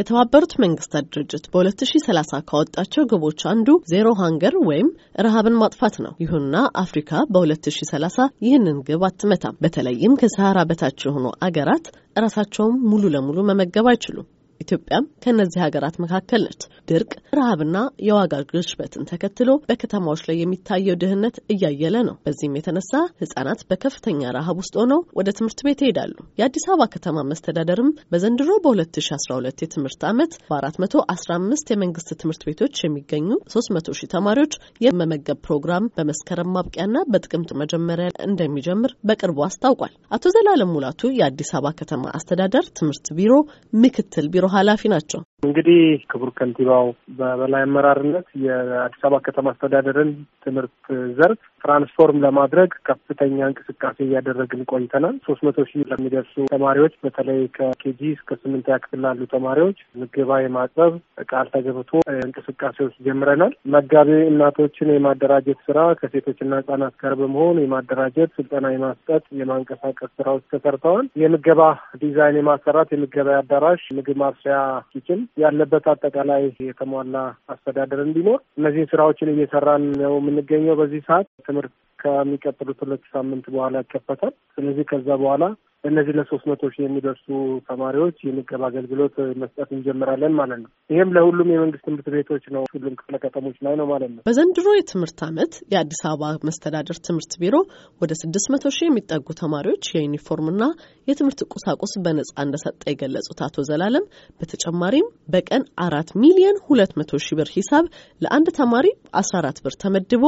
የተባበሩት መንግስታት ድርጅት በ2030 ካወጣቸው ግቦች አንዱ ዜሮ ሃንገር ወይም ረሃብን ማጥፋት ነው። ይሁንና አፍሪካ በ2030 ይህንን ግብ አትመታም። በተለይም ከሰሃራ በታች የሆኑ አገራት እራሳቸውን ሙሉ ለሙሉ መመገብ አይችሉም። ኢትዮጵያም ከእነዚህ ሀገራት መካከል ነች። ድርቅ፣ ረሃብና የዋጋ ግሽበትን ተከትሎ በከተማዎች ላይ የሚታየው ድህነት እያየለ ነው። በዚህም የተነሳ ህጻናት በከፍተኛ ረሃብ ውስጥ ሆነው ወደ ትምህርት ቤት ይሄዳሉ። የአዲስ አበባ ከተማ መስተዳደርም በዘንድሮ በ2012 የትምህርት ዓመት በ415 የመንግስት ትምህርት ቤቶች የሚገኙ 300 ሺህ ተማሪዎች የመመገብ ፕሮግራም በመስከረም ማብቂያና በጥቅምት መጀመሪያ እንደሚጀምር በቅርቡ አስታውቋል። አቶ ዘላለም ሙላቱ የአዲስ አበባ ከተማ አስተዳደር ትምህርት ቢሮ ምክትል ቢሮ ኃላፊ ናቸው። እንግዲህ ክቡር ከንቲባው በበላይ አመራርነት የአዲስ አበባ ከተማ አስተዳደርን ትምህርት ዘርፍ ትራንስፎርም ለማድረግ ከፍተኛ እንቅስቃሴ እያደረግን ቆይተናል። ሶስት መቶ ሺህ ለሚደርሱ ተማሪዎች በተለይ ከኬጂ እስከ ስምንት ክፍል ላሉ ተማሪዎች ምግባ የማቅረብ ቃል ተገብቶ እንቅስቃሴዎች ጀምረናል። መጋቢ እናቶችን የማደራጀት ስራ ከሴቶችና ህጻናት ጋር በመሆን የማደራጀት ስልጠና የማስጠት የማንቀሳቀስ ስራዎች ተሰርተዋል። የምገባ ዲዛይን የማሰራት የምገባ አዳራሽ፣ ምግብ ማብሰያ ኪችን ያለበት አጠቃላይ የተሟላ አስተዳደር እንዲኖር እነዚህን ስራዎችን እየሰራን ነው የምንገኘው በዚህ ሰዓት ትምህርት ከሚቀጥሉት ሁለት ሳምንት በኋላ ይከፈታል። ስለዚህ ከዛ በኋላ እነዚህ ለሶስት መቶ ሺህ የሚደርሱ ተማሪዎች የምገብ አገልግሎት መስጠት እንጀምራለን ማለት ነው። ይህም ለሁሉም የመንግስት ትምህርት ቤቶች ነው፣ ሁሉም ክፍለ ከተሞች ላይ ነው ማለት ነው። በዘንድሮ የትምህርት ዓመት የአዲስ አበባ መስተዳደር ትምህርት ቢሮ ወደ ስድስት መቶ ሺህ የሚጠጉ ተማሪዎች የዩኒፎርምና የትምህርት ቁሳቁስ በነጻ እንደሰጠ የገለጹት አቶ ዘላለም በተጨማሪም በቀን አራት ሚሊየን ሁለት መቶ ሺህ ብር ሂሳብ ለአንድ ተማሪ አስራ አራት ብር ተመድቦ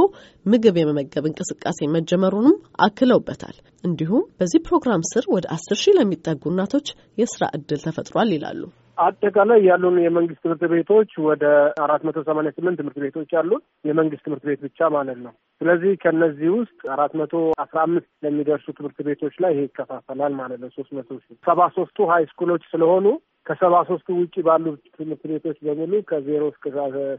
ምግብ የመመገብ እንቅስቃሴ መጀመሩንም አክለውበታል። እንዲሁም በዚህ ፕሮግራም ስር ወደ ወደ አስር ሺህ ለሚጠጉ እናቶች የስራ እድል ተፈጥሯል ይላሉ። አጠቃላይ ያሉን የመንግስት ትምህርት ቤቶች ወደ አራት መቶ ሰማኒያ ስምንት ትምህርት ቤቶች አሉን የመንግስት ትምህርት ቤት ብቻ ማለት ነው። ስለዚህ ከነዚህ ውስጥ አራት መቶ አስራ አምስት ለሚደርሱ ትምህርት ቤቶች ላይ ይሄ ይከፋፈላል ማለት ነው። ሶስት መቶ ሺህ ሰባ ሶስቱ ሀይ ስኩሎች ስለሆኑ ከሰባ ሶስቱ ውጭ ባሉት ትምህርት ቤቶች በሙሉ ከዜሮ እስከ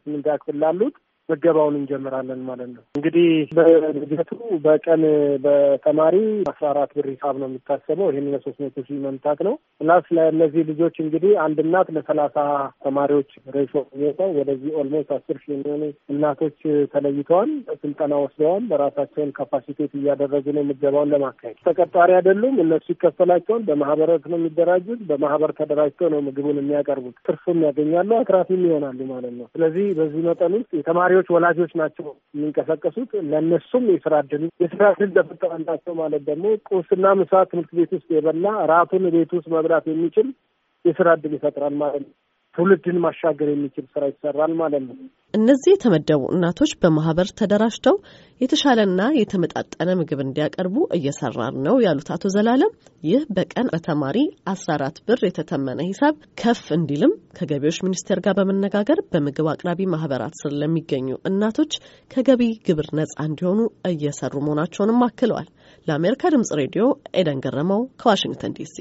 ስምንት ያክፍል ላሉት ምገባውን እንጀምራለን ማለት ነው። እንግዲህ በበጀቱ በቀን በተማሪ አስራ አራት ብር ሂሳብ ነው የሚታሰበው። ይህን ለሶስት መቶ ሺህ መምታት ነው። ፕላስ ለእነዚህ ልጆች እንግዲህ አንድ እናት ለሰላሳ ተማሪዎች ሬሾ የሚወጣው ወደዚህ ኦልሞስት አስር ሺህ የሚሆኑ እናቶች ተለይተዋል፣ ስልጠና ወስደዋል። በራሳቸውን ካፓሲቴት እያደረጉ ነው ምገባውን ለማካሄድ። ተቀጣሪ አይደሉም እነሱ ይከፈላቸውን በማህበረት ነው የሚደራጁት። በማህበር ተደራጅተው ነው ምግቡን የሚያቀርቡት። ትርፉም ያገኛሉ፣ አትራፊም ይሆናሉ ማለት ነው። ስለዚህ በዚህ መጠን ውስጥ የተማሪ ተማሪዎች ወላጆች ናቸው የሚንቀሳቀሱት። ለእነሱም የስራ እድል የስራ እድል ተፈጠረላቸው ማለት ደግሞ ቁርስና ምሳ ትምህርት ቤት ውስጥ የበላ ራቱን ቤት ውስጥ መብላት የሚችል የስራ እድል ይፈጥራል ማለት ነው። ትውልድን ማሻገር የሚችል ስራ ይሰራል ማለት ነው። እነዚህ የተመደቡ እናቶች በማህበር ተደራጅተው የተሻለና የተመጣጠነ ምግብ እንዲያቀርቡ እየሰራን ነው ያሉት አቶ ዘላለም ይህ በቀን በተማሪ አስራ አራት ብር የተተመነ ሂሳብ ከፍ እንዲልም ከገቢዎች ሚኒስቴር ጋር በመነጋገር በምግብ አቅራቢ ማህበራት ስር ለሚገኙ እናቶች ከገቢ ግብር ነጻ እንዲሆኑ እየሰሩ መሆናቸውንም አክለዋል። ለአሜሪካ ድምጽ ሬዲዮ ኤደን ገረመው ከዋሽንግተን ዲሲ